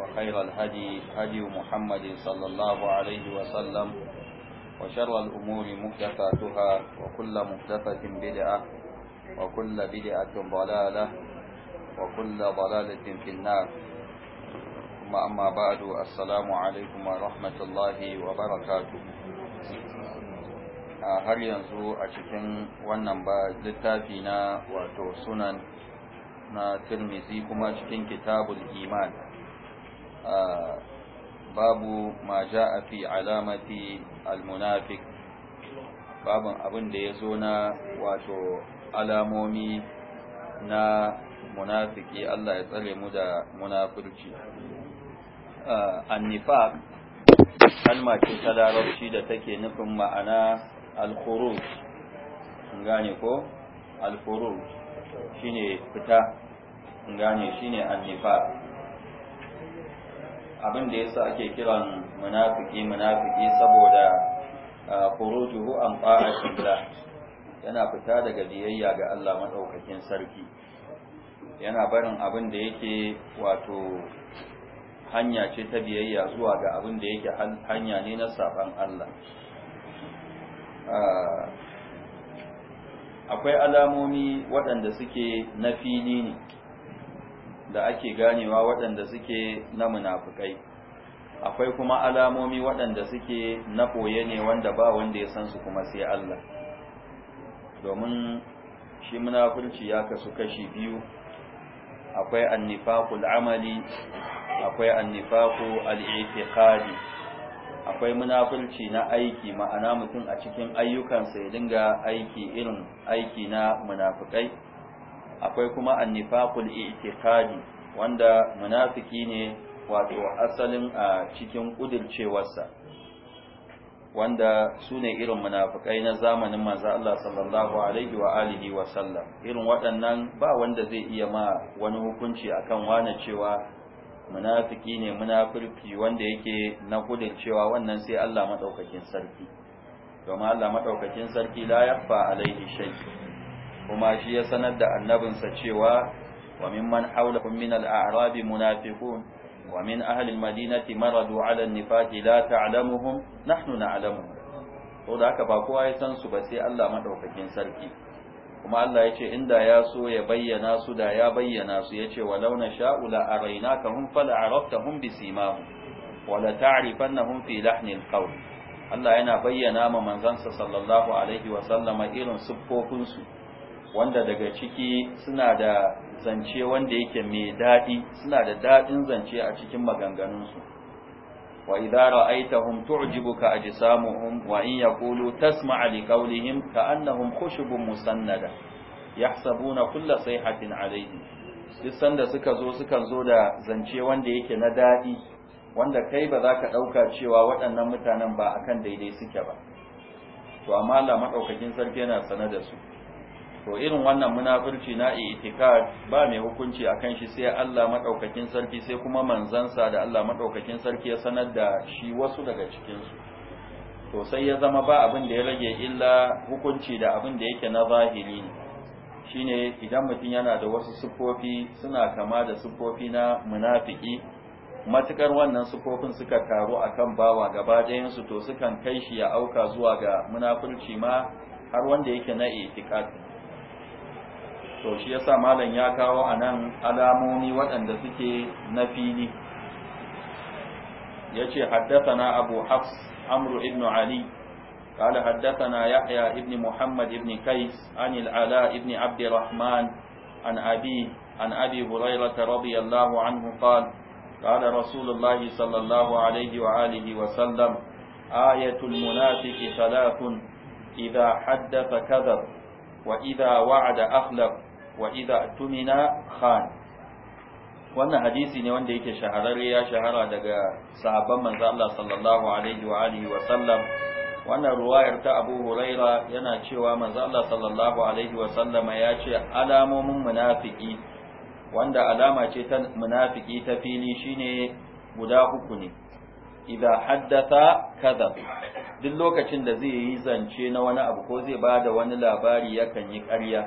وخير الهدي هدي محمد صلى الله عليه وسلم وشر الأمور محدثاتها وكل محدثة بدعة وكل بدعة ضلالة وكل ضلالة في النار ثم أما بعد السلام عليكم ورحمة الله وبركاته har yanzu a cikin wannan ba littafi na wato sunan na tirmizi kuma cikin kitabul iman babu ma ja'a fi alamati almunafiq babin abin da ya zo na wato alamomi na munafiki Allah ya tsare mu da munafurci annifaq kalma ce ta larabci da take nufin ma'ana al-khuruj gane ko al-khuruj shine fita gane shine annifa. abin da yasa ake kiran munafiki munafiki saboda khurujuhu an ta'atillah yana fita daga biyayya ga Allah madaukakin sarki yana barin abin da yake wato hanya ce ta biyayya zuwa ga abin da yake hanya ne na saban Allah akwai alamomi waɗanda suke na fili ne da ake ganewa waɗanda suke na munafukai akwai kuma alamomi waɗanda suke na ɓoye ne wanda ba wanda ya san su kuma sai Allah domin shi munafurci ya kasu kashi biyu akwai annifaku amali akwai annifaku al akwai munafurci na aiki ma'ana mutum a cikin ayyukansa ya dinga aiki irin aiki na munafukai akwai kuma annifaqul i'tiqadi wanda munafiki ne wato asalin a cikin kudircewarsa wanda su ne irin munafikai na zamanin manzo Allah sallallahu alaihi wa alihi wa sallam irin waɗannan ba wanda zai iya ma wani hukunci akan wane cewa munafiki ne munafirki wanda yake na kudircewa wannan sai Allah madaukakin sarki domin Allah madaukakin sarki la yakhfa alaihi shay'un kuma shi ya sanar da annabinsa cewa wa mimman haulakum min al-a'rabi munafiqun wa min ahli al-madinati maradu 'ala an-nifaqi la ta'lamuhum nahnu na'lamuhum to da haka ba kowa ya san su ba sai Allah madaukakin sarki kuma Allah ya ce inda ya so ya bayyana su da ya bayyana su ya ce walau na sha'u la arainakahum fala'araftahum bisimahum wala ta'rifannahum fi lahnil qawl Allah yana bayyana ma manzansa sallallahu alaihi wa sallama irin siffofinsu. su wanda daga ciki suna da zance wanda yake mai daɗi suna da daɗin zance a cikin maganganunsu wa idza ra'aytahum tu'jibuka ajsamuhum wa in yaqulu tasma'u liqawlihim ka'annahum khushubun musannada yahsabuna kulla sayhatin alayhi duk sanda suka zo suka zo da zance wanda yake na daɗi wanda kai ba za ka ɗauka cewa waɗannan mutanen ba akan daidai suke ba to amma Allah madaukakin sarki yana sane da su to irin wannan munafurci na itikad ba mai hukunci akan shi sai Allah madaukakin sarki sai kuma manzansa da Allah madaukakin sarki ya sanar da shi wasu daga cikin to sai ya zama ba abin da ya rage illa hukunci da abin da yake na zahiri ne shine idan mutum yana da wasu siffofi suna kama da siffofi na munafiki matukar wannan sufofin suka taru akan bawa gaba ɗayansu to sukan kai shi ya auka zuwa ga munafurci ma har wanda yake na itikad to shi yasa malam ya kawo anan alamomi waɗanda suke na fili yace haddathana abu hafs amru ibn ali قال حدثنا يحيى ابن محمد ابن كيس عن العلاء ابن عبد الرحمن عن أبيه عن أبي هريرة رضي الله عنه قال قال رسول الله صلى الله عليه وآله وسلم آية المنافق ثلاث إذا حدث كذب وإذا وعد أخلف wa idza tumina khan wannan hadisi ne wanda yake shahararre ya shahara daga sahabban manzo Allah sallallahu alaihi wa alihi wa sallam wannan ruwayar ta Abu Huraira yana cewa manzo Allah sallallahu alaihi wa sallama ya ce alamomin munafiki wanda alama ce ta munafiki ta fili shine guda uku ne idza haddatha kadha duk lokacin da zai yi zance na wani abu ko zai bada wani labari yakan yi ƙarya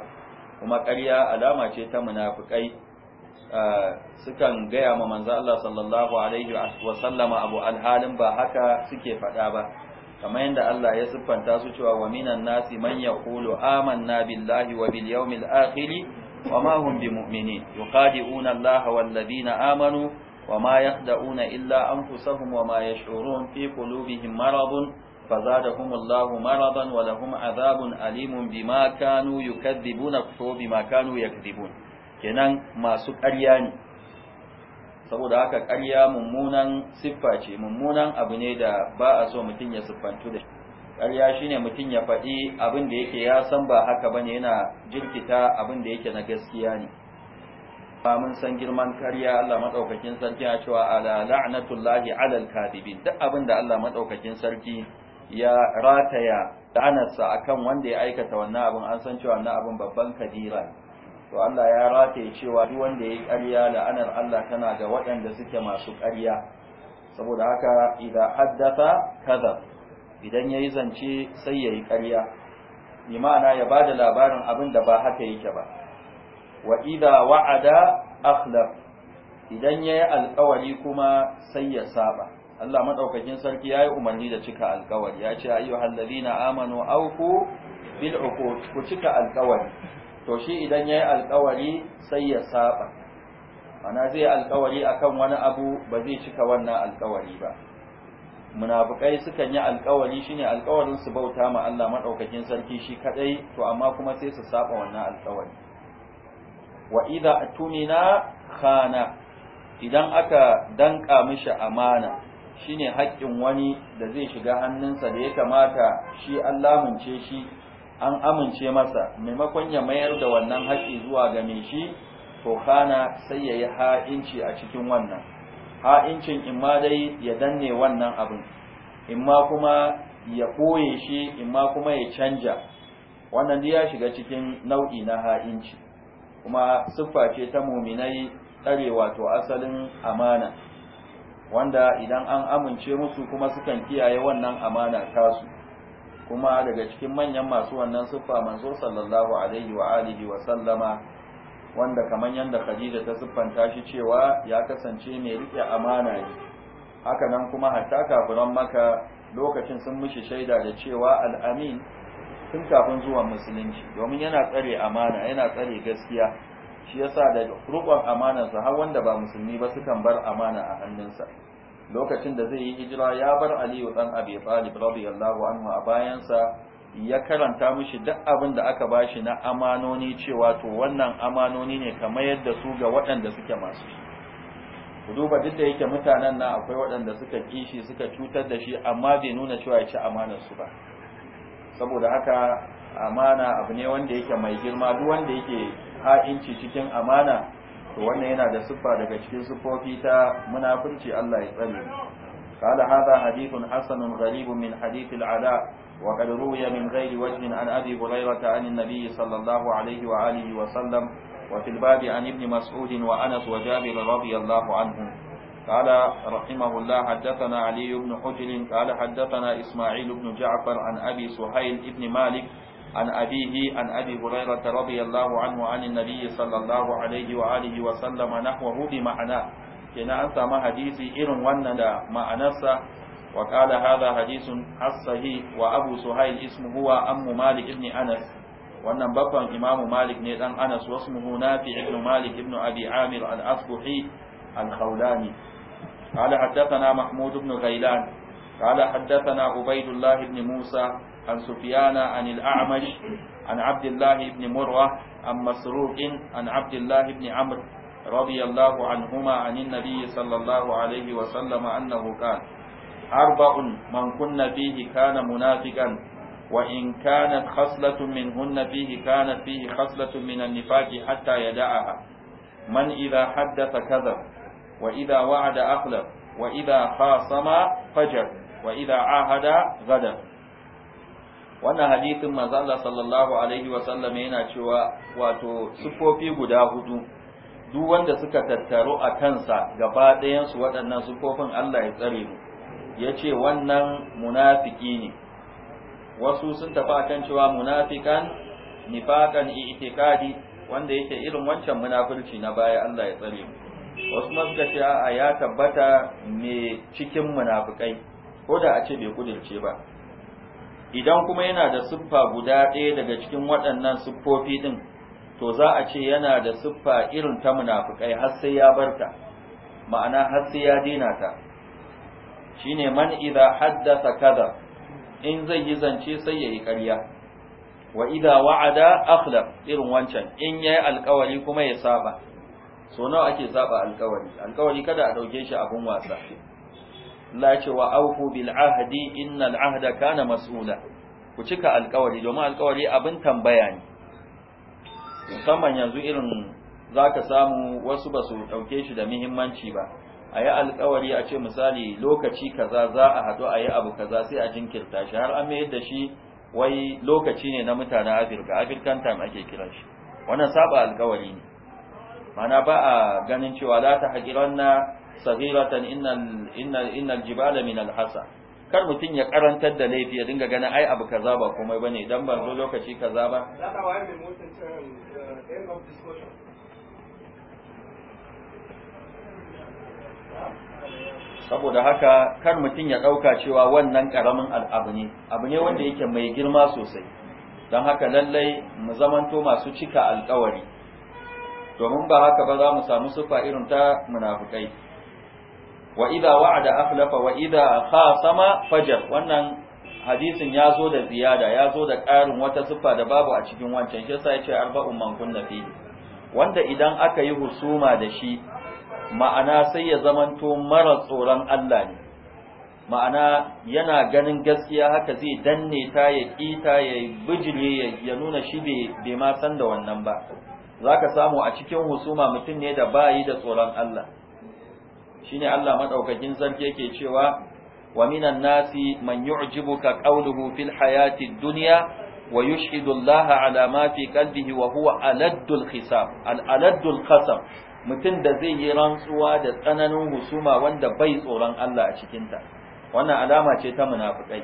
kuma ƙarya alama ce ta munafikai sukan gaya ma manzo Allah sallallahu alaihi wa sallama abu alhalin ba haka suke faɗa ba kamar yadda Allah ya siffanta su cewa wa minan nasi man yaqulu amanna billahi wa bil yawmil akhir wa ma hum bimu'minin yuqadi'una Allah wal ladina amanu wa ma yakhda'una illa anfusahum wa ma yash'urun fi qulubihim maradun فزادهم الله مرضا ولهم عذاب أليم بما كانوا يكذبون ko بما كانوا يكذبون kenan masu ƙarya ne saboda haka ƙarya mummunan siffa ce mummunan abu ne da ba a so mutum ya siffantu da shi. ƙarya ne mutum ya faɗi abin da yake ya san ba haka ba ne yana jirkita abin da yake na gaskiya ne ba mun san girman ƙarya Allah maɗaukakin sarki a cewa ala la'natullahi alal kadibin duk abin da Allah maɗaukakin sarki ya rataya la'anarsa akan wanda ya aikata wannan abin an san cewa wannan abin babban kadira to Allah ya rataye cewa duk wanda ya yi ƙarya la'anar Allah tana ga waɗanda suke masu ƙarya saboda haka idan haddatha kaza idan yayi zance sai yayi ƙarya bi ma'ana ya bada labarin abin da ba haka yake ba wa idan wa'ada akhlaf idan yayi alƙawari kuma sai ya saba Allah madaukakin sarki yayi umarni da cika alƙawari ya ce ayyuhal ladina amanu awfu bil uqud ku cika alƙawari to shi idan yayi alƙawari sai ya saba ana zai alƙawari akan wani abu ba zai cika wannan alƙawari ba munafikai sukan yi alƙawari shine alƙawarin su bauta ma Allah madaukakin sarki shi kadai to amma kuma sai su saba wannan alƙawari wa idha atumina khana idan aka danka mishi amana Shi ne haƙƙin wani da zai shiga hannunsa da ya kamata shi an lamunce shi an amince masa maimakon ya mayar da wannan haƙƙi zuwa ga mai shi to kana sai ya yi ha'inci a cikin wannan ha'incin in ma dai ya danne wannan abin in ma kuma ya ɓoye shi in ma kuma ya canja wannan ya shiga cikin nau'i na ha'inci kuma siffa ce ta muminai tsare wato asalin amana wanda idan an amince musu kuma sukan kiyaye wannan amana tasu kuma daga cikin manyan masu wannan siffa manzo sallallahu alaihi wa alihi wa sallama wanda kaman yanda Khadija ta siffanta shi cewa ya kasance mai rike amana ne haka nan kuma hatta kafiran maka lokacin sun mishi shaida da cewa al-amin tun kafin zuwan musulunci domin yana tsare amana yana tsare gaskiya shi yasa da rukun amanarsa har wanda ba musulmi ba sukan bar amana a hannunsa lokacin da zai yi hijira ya bar aliyu dan abi talib radiyallahu anhu a bayansa ya karanta mishi duk abin da aka bashi na amanoni cewa to wannan amanoni ne kamar yadda su ga waɗanda suke masu shi duba duk da yake mutanen nan akwai waɗanda suka kishi suka cutar da shi amma bai nuna cewa ya ci amanar su ba saboda haka amana abu ne wanda yake mai girma duk wanda yake ha'inci cikin amana to wannan yana da siffa daga cikin siffofi ta munafurci Allah ya tsare قال هذا حديث حسن غريب من حديث العلاء وقد روي من غير وجه عن أبي هريرة عن النبي صلى الله عليه وآله وسلم وفي الباب عن ابن مسعود وأنس وجابر رضي الله عنهم قال رحمه الله حدثنا علي بن حجر قال حدثنا إسماعيل بن جعفر عن أبي سهيل بن مالك عن أبيه an أبي هريرة رضي الله عنه عن النبي صلى الله عليه وآله وسلم نحوه بمعنى كنا أنت ما حديثي إرن ونلا ما أنسى وقال هذا حديث حصه وأبو سهيل اسمه هو أم مالك ابن أنس wannan babban imamu malik ne dan anas wasu huna fi ibnu malik ibnu abi amir al asbuhi al khawlani qala haddathana mahmud ibn ghailan qala haddathana ubaidullah ibn musa عن سفيان عن الأعمش عن عبد الله بن مرة عن مسروق عن عبد الله بن عمرو رضي الله عنهما عن النبي صلى الله عليه وسلم أنه قال أربع من كن فيه كان منافقا وإن كانت خصلة منهن فيه كانت فيه خصلة من النفاق حتى يدعها من إذا حدث كذب وإذا وعد أخلف وإذا خاصم فجر وإذا عاهد غدر wannan hadithin manzo sallallahu alaihi wa sallam yana cewa wato sufofi guda hudu duk wanda suka tattaro a kansa gaba ɗayan waɗannan sufofin Allah ya tsare mu yace wannan munafiki ne wasu sun tafi a kan cewa munafikan nifakan i'tiqadi wanda yake irin wancan munafurci na baya Allah ya tsare mu wasu ma suka ce a ya tabbata me cikin munafikai ko da a ce bai kudirce ba idan kuma yana da siffa guda ɗaya daga cikin waɗannan siffofi ɗin to za a ce yana da siffa irin ta munafukai har sai ya barta ma'ana har sai ya dina ta shine man idza haddatha kaza in zai yi zance sai yayi ƙarya wa idza wa'ada akhla irin wancan in yayi alƙawari kuma ya saba so nawa ake saba alƙawari alƙawari kada a dauke shi abun wasa Allah ce wa aufu bil ahdi innal ahda kana mas'ula ku cika alƙawari domin alƙawari abin tambaya ne musamman yanzu irin zaka samu wasu ba su dauke shi da muhimmanci ba ayi yi alƙawari a ce misali lokaci kaza za a haɗu a yi abu kaza sai a jinkirta shi har an mai da shi wai lokaci ne na mutanen afirka afirkan time ake kiran shi wannan saba alƙawari ne mana ba a ganin cewa la ta haƙiranna saghiratan innal innal innal jibala min alhasa kar mutun ya karantar da laifi ya dinga ganin ai abu kaza ba komai bane idan ban zo lokaci kaza ba uh, saboda haka kar mutum ya ɗauka cewa wannan ƙaramin al'abu ne abu ne wanda yake mai girma sosai don haka lallai mu zamanto masu cika alƙawari domin ba haka ba za mu samu sufa irin ta munafukai wa idha wa'ada aflafa wa idha khasama fajar wannan hadisin ya zo da ziyada ya zo da ƙarin wata siffa da babu a cikin wancan shi yasa yace arba'un man kunna fi wanda idan aka yi husuma da shi ma'ana sai ya zamanto mara tsoron Allah ne ma'ana yana ganin gaskiya haka zai danne ta ya kita ya bijire ya nuna shi bai ma san da wannan ba zaka samu a cikin husuma mutum ne da bayi da tsoron Allah shine Allah madaukakin sarki yake cewa wa minan nasi man yu'jibuka qawluhu fil hayati dunya wa yushhidu Allah ala ma fi qalbihi wa huwa aladdul khisab al aladdul mutum da zai yi rantsuwa da tsananin husuma wanda bai tsoron Allah a cikin ta wannan alama ce ta munafikai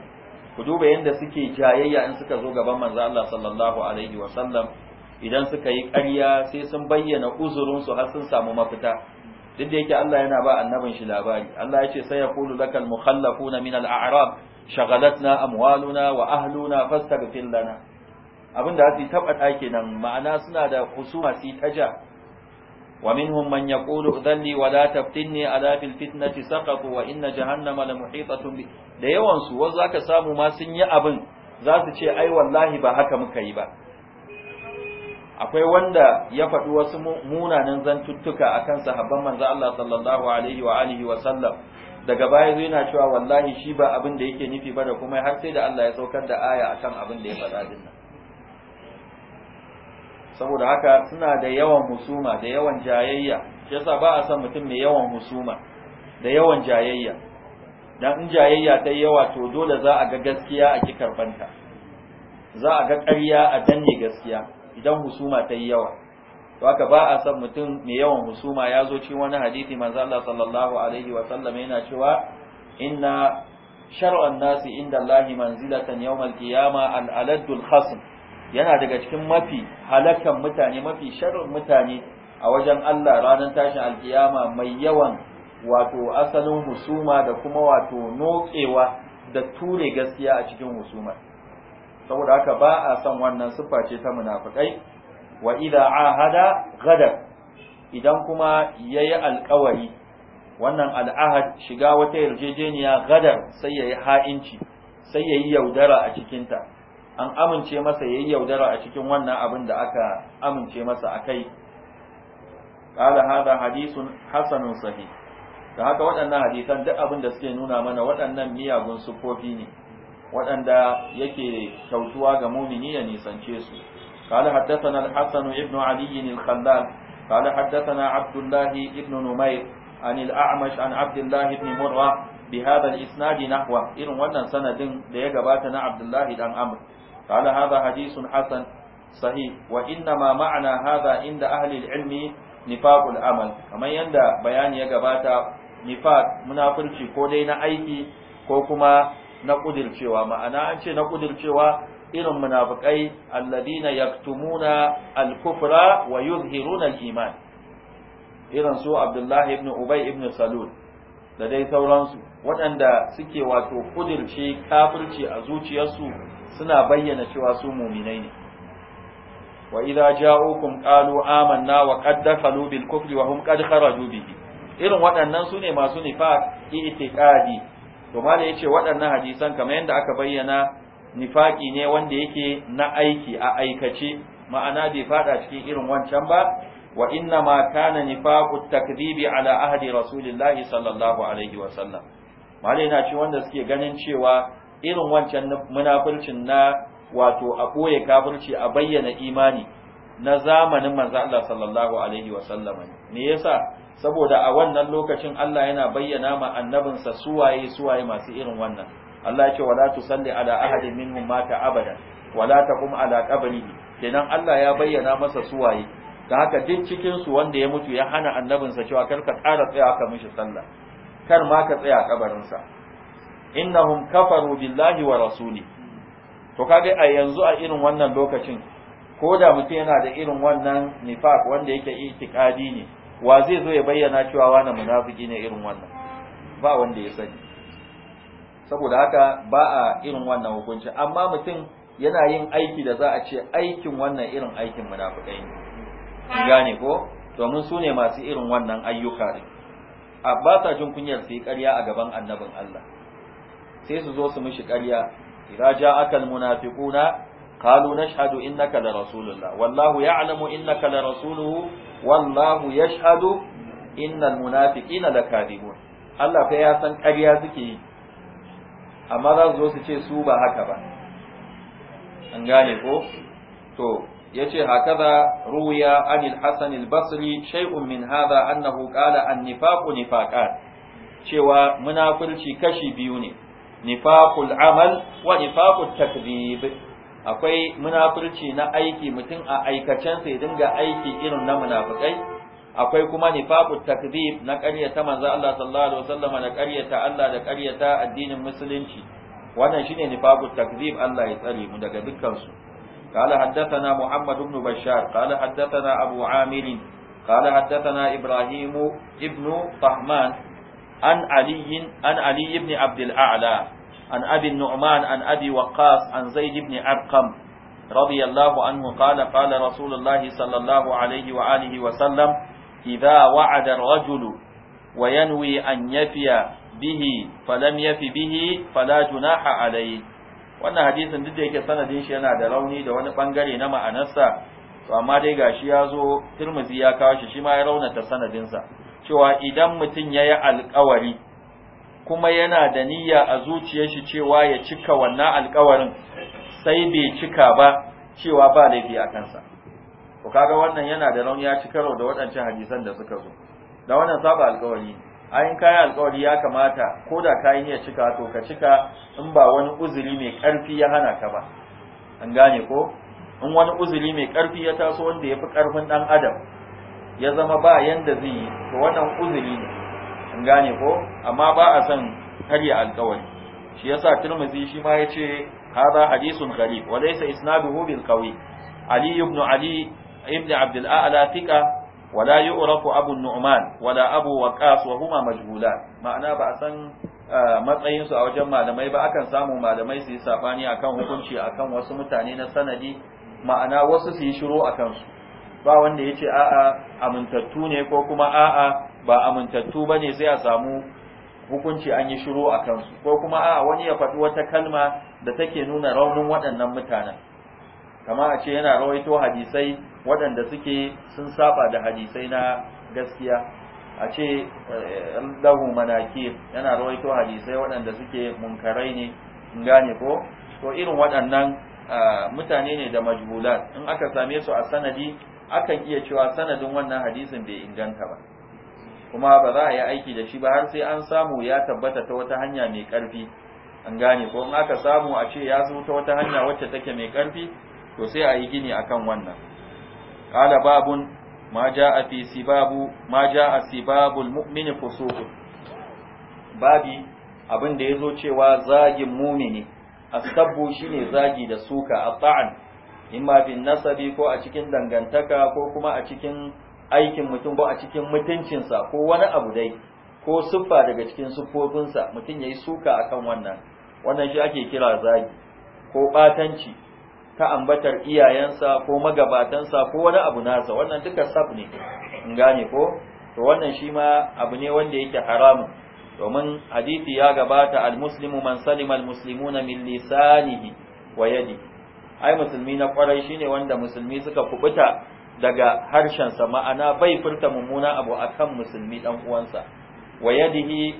ku duba yadda suke jayayya in suka zo gaban manzo Allah sallallahu alaihi wa sallam idan suka yi ƙarya sai sun bayyana uzurinsu har sun samu mafita duk da yake Allah yana ba annabin shi labari Allah ya ce sai ya kulu lakal mukhallafuna min al-a'rab shaghalatna amwaluna wa ahluna fastaghfir lana abinda su taba dake nan ma'ana suna da husuma su taja wa minhum man yaqulu dhalli wa la taftinni ala fil fitnati saqatu wa inna jahannama la muhitatun bi da yawan su wanda zaka samu ma sun yi abin za su ce ai wallahi ba haka muka yi ba akwai wanda ya faɗi wasu munanan zantuttuka akan sahabban manzo Allah sallallahu alaihi wa alihi wa sallam daga baya zai na cewa wallahi shi ba abin da yake nufi ba da kuma har sai da Allah ya saukar da aya akan abin da ya faɗa din nan saboda haka suna da yawan musuma, da yawan jayayya shi yasa ba a san mutum mai yawan musuma, da yawan jayayya dan in jayayya ta yawa to dole za a ga gaskiya a ki karbanta za a ga ƙarya a danne gaskiya idan husuma ta yi yawa to haka ba a san mutum mai yawan husuma ya zo cikin wani hadisi manzo Allah sallallahu alaihi wa sallam yana cewa inna shar'an nasi inda Allah manzilatan yawmal qiyama al aladul khasm yana daga cikin mafi halakan mutane mafi sharrin mutane a wajen Allah ranar tashin alkiyama mai yawan wato asalin husuma da kuma wato nokewa da ture gaskiya a cikin husuma saboda haka ba a son wannan siffa ce ta munafikai wa idza ahada ghadab idan kuma yayi alƙawari wannan al'ahad shiga wata yarjejeniya ghadar sai yayi ha'inci sai yayi yaudara a cikin ta an amince masa yayi yaudara a cikin wannan abin da aka amince masa akai qala hada hadithun hasanun sahih da haka waɗannan hadisan duk abin da suke nuna mana waɗannan miyagun sufofi ne waɗanda yake kyautuwa ga mumini ya nisance su قال حدثنا الحسن ابن علي الخلال قال حدثنا عبد الله ابن نمير عن الأعمش عن عبد الله بن مرة بهذا الإسناد نحوه إن ونن سند ليقباتنا عبد الله بن أمر قال هذا حديث حسن صحيح وإنما معنى هذا عند أهل العلم نفاق العمل كما يندى بيان يقبات نفاق منافرشي كودين أيكي ko kuma na ƙudircewa. ma'ana an ce na kudircewa irin munafukai, alladina yaktumuna al-kufra wa yuzhiruna al-iman irin su Abdullahi ibn Ubay ibn Salul da dai sauransu waɗanda suke wato ƙudirce kafirci a zuciyarsu suna bayyana cewa su muminai ne wa idza ja'ukum qalu amanna wa qad dakhalu bil kufri wa hum qad kharaju bihi irin waɗannan su ne masu nifaq i'tiqadi to malai yace waɗannan hadisan kamar yadda aka bayyana nifaki ne wanda yake na aiki a aikace ma'ana bai fada cikin irin wancan ba wa inna ma kana nifaku takdibi ala ahdi rasulillahi sallallahu alaihi wa sallam malai na ce wanda suke ganin cewa irin wancan munafircin na wato a ɓoye kafirci a bayyana imani na zamanin manzo Allah sallallahu alaihi wa sallam ne yasa saboda a wannan lokacin Allah yana bayyana ma annabinsa suwaye suwaye masu irin wannan Allah yake wala tusalli ala ahadin minhum mata abada wala taqum ala qabrihi kenan Allah ya bayyana masa suwaye da haka duk cikin su wanda ya mutu ya hana annabinsa cewa kar ka tsara tsaya ka mishi sallah kar ma ka tsaya kabarinsa innahum kafaru billahi wa rasuli to kage a yanzu a irin wannan lokacin ko da mutum yana da irin wannan nifaq wanda yake itikadi ne wa zai zo ya bayyana cewa wani munafiki ne irin wannan ba wanda ya sani saboda haka ba a irin wannan hukunci amma mutum yana yin aiki da za a ce aikin wannan irin aikin munafikai ne gane ko domin su ne masu irin wannan ayyuka ne a ba sa jin kunyar su yi ƙarya a gaban annabin Allah sai su zo su mishi ƙarya idza ja'aka na? قالوا نشهد إنك لرسول الله والله يعلم إنك لرسوله والله يشهد إن المنافقين لكاذبون Allah fa ya san ƙarya suke yi amma za su ce su ba haka ba an gane ko to yace hakaza ruya anil hasan basri shay'un min hadha annahu qala an nifaqu nifaqat cewa munafurci kashi biyu ne Nifakul amal wa nifaqut takdhib akwai munafurci na aiki mutum a aikacensa ya dinga aiki irin na munafukai akwai kuma nifaqut takdhib na ƙaryata manzo Allah sallallahu alaihi wasallam da ƙaryata Allah da ƙaryata addinin musulunci wannan shine nifaqut takdhib Allah ya tsare mu daga dukkan su قال حدثنا محمد بن بشار قال حدثنا أبو عامر قال حدثنا إبراهيم ابن طهمان عن علي عن علي بن عبد الأعلى عن أبي النعمان عن أبي وقاص عن زيد بن أرقم رضي الله عنه قال قال رسول الله صلى الله عليه وآله وسلم إذا وعد الرجل وينوي أن يفي به فلم يفي به فلا جناح عليه wannan hadisin duk da yake sanadin shi yana da rauni da wani ɓangare na ma'anarsa to amma dai gashi ya zo Tirmidhi ya kawo shi shi ma ya raunata sanadinsa cewa idan mutum ya yi alƙawari kuma yana da niyya a zuciyar shi cewa ya cika wannan alkawarin sai bai cika ba cewa ba laifi a kansa to kaga wannan yana da rauni ya ci karo da waɗancan hadisan da suka zo da wannan saba alkawari ayin kayan alkawari ya kamata ko da kayi niyyar cika to ka cika in ba wani uzuri mai ƙarfi ya hana ka ba an gane ko in wani uzuri mai ƙarfi ya taso wanda ya fi ƙarfin ɗan adam ya zama ba yanda zai yi to wannan uzuri ne in gane ko amma ba a son karya alkawari shi yasa Tirmidhi shi ma ya yace hada hadithun gharib wa laysa isnaduhu bil qawi Ali ibn Ali ibn Abd ala thiqa wa la yu'rafu Abu Nu'man wa la Abu Waqqas wa huma majhula ma'ana ba a san uh, matsayin a wajen malamai ba akan samu malamai su yi sabani akan hukunci akan wasu mutane na sanadi ma'ana wasu su yi shiru akan su ba wanda yace a'a amintattu ne ko kuma a'a ba amintattu ba ne sai a samu hukunci an yi shiru a kansu ko kuma a wani ya faɗi wata kalma da take nuna raunin waɗannan mutanen kama a ce yana rawaito hadisai waɗanda suke sun saba da hadisai na gaskiya a ce eh, lahu manaki yana rawaito hadisai waɗanda suke munkarai ne in gane ko to irin waɗannan mutane ne da majhulat in aka same su a sanadi akan iya cewa sanadin wannan hadisin bai inganta ba kuma ba za a yi aiki da shi ba har sai an samu ya tabbata ta wata hanya mai ƙarfi an gane ko in aka samu a ce ya zo ta wata hanya wacce take mai ƙarfi to sai a yi gini akan wannan qala babun ma jaa fi sibabu ma jaa sibabul mu'mini fusuq babi abin da yazo cewa zagin mumini asabbu shine zagi da suka at'an imma bin nasabi ko a cikin dangantaka ko kuma a cikin aikin mutum ba a cikin mutuncinsa ko wani abu dai ko siffa daga cikin siffofinsa mutum ya yi suka a kan wannan wannan shi ake kira zagi ko ɓatanci ta ambatar iyayensa ko magabatansa ko wani abu nasa wannan duka sab ne in gane ko to wannan shi ma abu ne wanda yake haramun domin hadithi ya gabata almuslimu man salima almuslimuna min lisanihi wa yadi ai musulmi na kwarai shine wanda musulmi suka kubuta daga harshensa ma'ana bai furta mummuna abu akan musulmi dan uwansa wa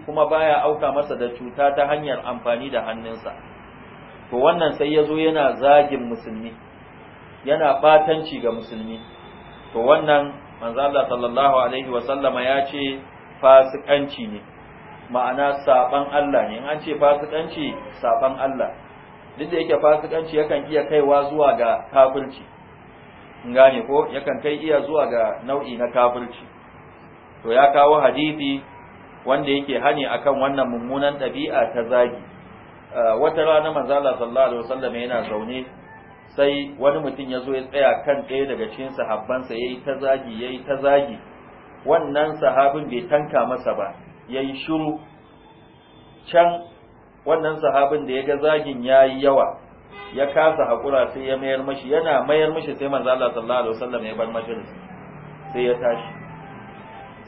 kuma baya auka masa da cuta ta hanyar amfani da hannunsa to wannan sai yazo yana zagin musulmi yana batanci ga musulmi to wannan manzo Allah sallallahu alaihi wa sallama ya ce fasikanci ne ma'ana saban Allah ne in an ce fasikanci saban Allah duk da yake fasikanci yakan iya kaiwa zuwa ga kafirci gane ko yakan kai iya zuwa ga nau'i na kafirci to ya kawo hadisi wanda yake hani akan wannan mummunan ɗabi'a ta zagi wata rana manzo Allah sallallahu alaihi wasallam yana zaune sai wani mutum ya zo ya tsaya kan ɗaya daga cikin sahabbansa yayi ta zagi yayi ta zagi wannan sahabin bai tanka masa ba yayi shiru can wannan sahabin da ya ga zagin yayi yawa ya kasa hakura sai ya mayar mashi yana mayar mashi sai manzo Allah sallallahu alaihi wasallam ya bar mashi sai ya tashi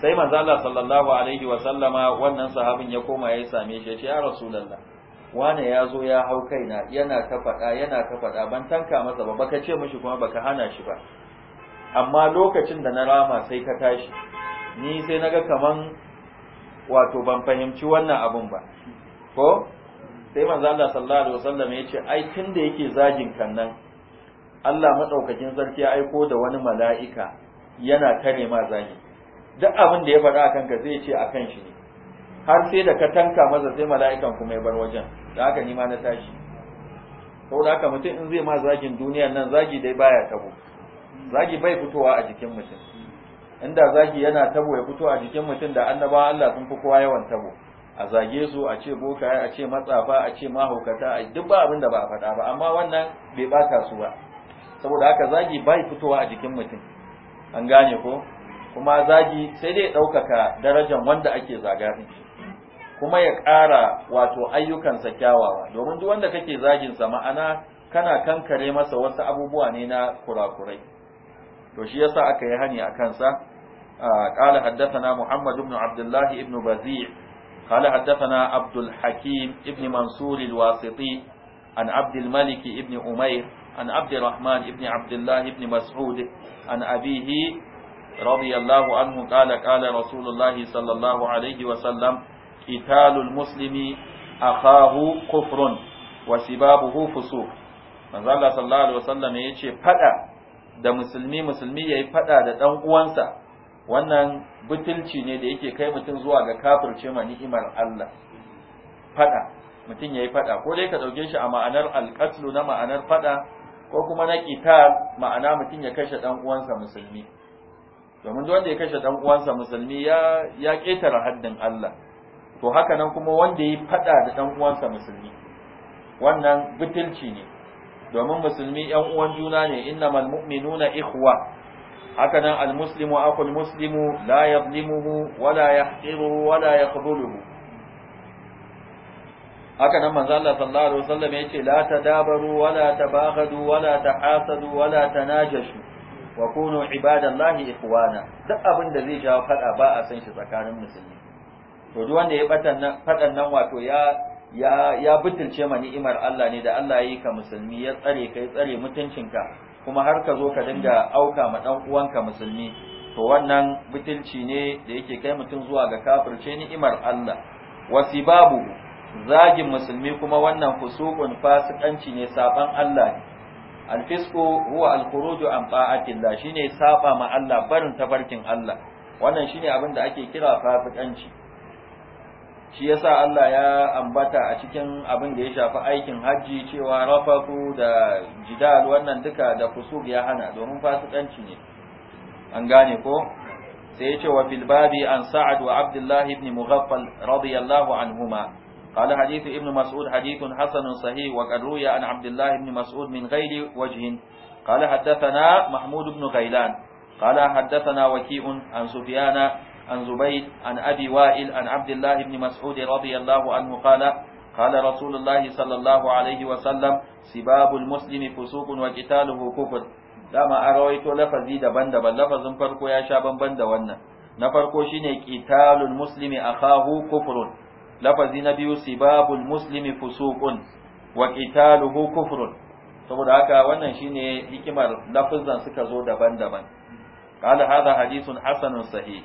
sai manzo Allah sallallahu alaihi wasallama wannan sahabin ya koma ya same shi ya ce ya rasulullah wane ya zo ya hau kaina yana ta faɗa yana ta faɗa ban tanka masa ba baka ce mashi kuma baka hana shi ba amma lokacin da na rama sai ka tashi ni sai naga kaman wato ban fahimci wannan abun ba ko sai manzo Allah sallallahu alaihi wasallam ya ce ai da yake zagin kan nan Allah madaukakin sarki ya aiko da wani mala'ika yana tare ma zagi duk abin da ya faɗa akan ka zai ce akan shi ne har sai da ka tanka masa sai mala'ikan kuma ya bar wajen da haka ni na tashi da haka mutum in zai ma zagin duniyan nan zagi dai baya tabo zagi bai fitowa a jikin mutum inda zagi yana tabo ya fito a jikin mutum da annabawa Allah sun fi kowa yawan tabo a zage su a ce boka, a ce matsafa a ce mahaukata a duk ba abin da ba a faɗa ba amma wannan bai bata su ba saboda haka zagi bai fitowa a jikin mutum an gane ko kuma zagi sai dai ɗaukaka darajar wanda ake zaga din kuma ya ƙara wato ayyukansa kyawawa domin duk wanda kake zagin sa ma'ana kana kankare masa wasu abubuwa ne na kurakurai to shi yasa aka yi hani a kansa قال حدثنا محمد بن عبد الله بن بزيع قال حدثنا عبد الحكيم ابن منصور الواسطي عن عبد الملك ابن أمير عن عبد الرحمن ابن عبد الله ابن مسعود عن أبيه رضي الله عنه قال قال رسول الله صلى الله عليه وسلم قتال المسلم أخاه كفر وسبابه فسوق manzo Allah sallallahu alaihi wasallam yace fada da musulmi musulmi yayi fada da dan uwansa wannan butulci ne da yake kai mutum zuwa ga kafirce ma ni'imar Allah fada mutum yayi fada ko dai ka dauke shi a ma'anar alqatlu na ma'anar fada ko kuma na qital ma'ana mutum ya kashe dan uwansa musulmi domin wanda ya kashe dan uwansa musulmi ya ya ketara haddin Allah to haka nan kuma wanda yayi fada da dan uwansa musulmi wannan butulci ne domin musulmi yan uwan juna ne innamal mu'minuna ikhwah haka nan almuslimu akul muslimu la yadhlimuhu wala yahqiruhu wala yakhdhuluhu haka nan manzo Allah sallallahu alaihi wasallam yace la tadabaru wala tabaghadu wala tahasadu wala tanajashu wa kunu ibadallahi ikhwana duk abin da zai jawo fada ba a san shi tsakanin musulmi to duk wanda ya batan nan fadan nan wato ya ya ya butulce ma ni'imar Allah ne da Allah ya yi ka musulmi ya tsare kai tsare mutuncinka kuma har ka zo ka dinga auka ma dan uwanka musulmi to wannan butulci ne da yake kai mutum zuwa ga kafirce ni'imar Allah babu zagin musulmi kuma wannan fusuqun fasikanci ne saban Allah ne alfisqu huwa alkhuruju an ta'atillah shine saba ma Allah barin tafarkin Allah wannan shine abin da ake kira fasikanci shi yasa Allah ya ambata a cikin abin da ya shafi aikin hajji cewa rafaku da jidal wannan duka da kusur ya hana domin fasikanci ne an gane ko sai ya ce wa fil babi an sa'ad wa abdullahi ibn mughaffal radiyallahu anhuma قال حديث ابن مسعود حديث حسن صحيح وقد روي عن عبد الله بن مسعود من غير وجه قال حدثنا محمود بن غيلان قال حدثنا وكيء عن سفيان عن زبيد عن أبي وائل عن عبد الله بن مسعود رضي الله عنه قال قال رسول الله صلى الله عليه وسلم سباب المسلم فسوق وقتاله كفر dama lafazi daban-daban lafazin farko ya sha bamban da wannan na farko shine qitalul muslimi akahu kufrun lafazi na biyu sibabul muslimi fusuqun wa qitaluhu saboda haka wannan shine hikimar lafazan suka zo daban-daban qala hadha hadithun hasanun sahih